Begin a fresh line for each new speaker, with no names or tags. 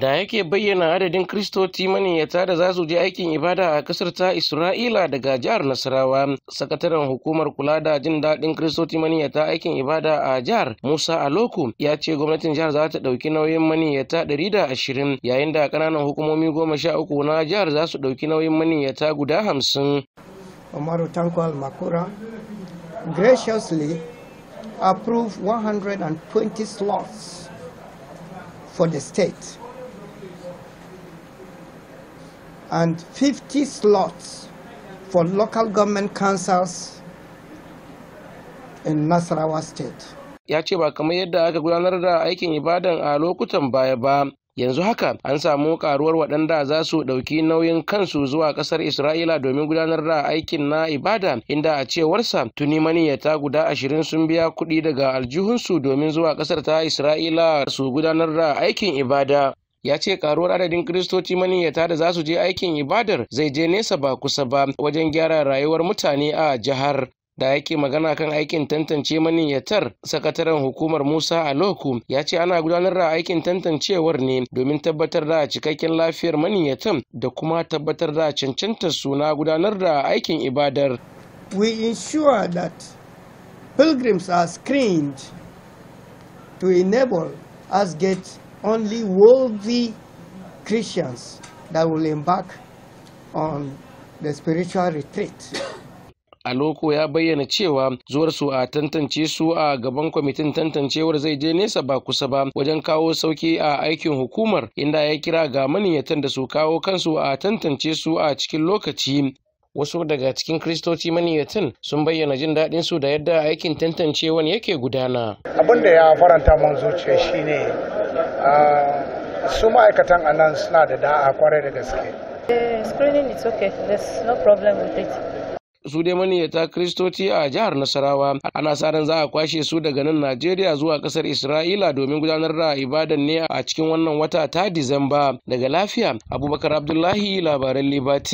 da yake bayyana adadin kristoci maniyyata da za su je aikin ibada a ƙasar ta isra'ila daga jihar nasarawa sakataren hukumar kula da jin daɗin kristoci maniyyata aikin ibada a jihar musa aloko ya ce gwamnatin jihar za ta ɗauki nauyin maniyyata ɗari da ashirin yayin da ƙananan hukumomi goma sha uku na jihar za su ɗauki nauyin maniyyata guda hamsin
umaru tanko almakura graciously approve 120 slots for the state and 50 slots for local government councils in Nasarawa state.
Ya ce ba kamar yadda aka gudanar da aikin ibadan a lokutan baya ba, yanzu haka an samu karuwar waɗanda za su ɗauki nauyin kansu zuwa ƙasar isra'ila domin gudanar da aikin na ibada inda a cewarsa tuni maniyyata guda ashirin sun biya kuɗi daga aljihunsu domin zuwa ƙasar ta isra'ila su gudanar da aikin ibada ya ce karuwar adadin kiristoci maniyyata da za su je aikin ibadar zai je nesa ba kusa ba wajen gyara rayuwar mutane a jihar da yake magana kan aikin tantance maniyyatar sakataren hukumar musa aloku ya ce ana gudanar da aikin tantancewar ne domin tabbatar da cikakken lafiyar maniyyatan da kuma tabbatar da cancanta suna gudanar da aikin ibadar we ensure that pilgrims are
screened to enable us get only worthy Christians that will embark on the spiritual retreat.
Aloko ya bayyana cewa zuwarsu a tantance su a gaban kwamitin tantancewar zai je nesa ba kusa ba wajen kawo sauki a aikin hukumar inda ya kira ga maniyyatan da su kawo kansu a tantance su a cikin lokaci wasu daga cikin kristoci maniyyatan sun bayyana jin daɗin su da yadda aikin tantancewan yake gudana
abin da ya faranta mun zuciya shine su ma'aikatan a nan suna da da'a kwarai da gaske eh,
dai maniyyata kristoci a jihar nasarawa ana sa ran za a kwashe su daga nan najeriya zuwa kasar isra'ila domin gudanar da ibadan ne a cikin wannan wata ta disamba daga lafiya abubakar abdullahi labaran libati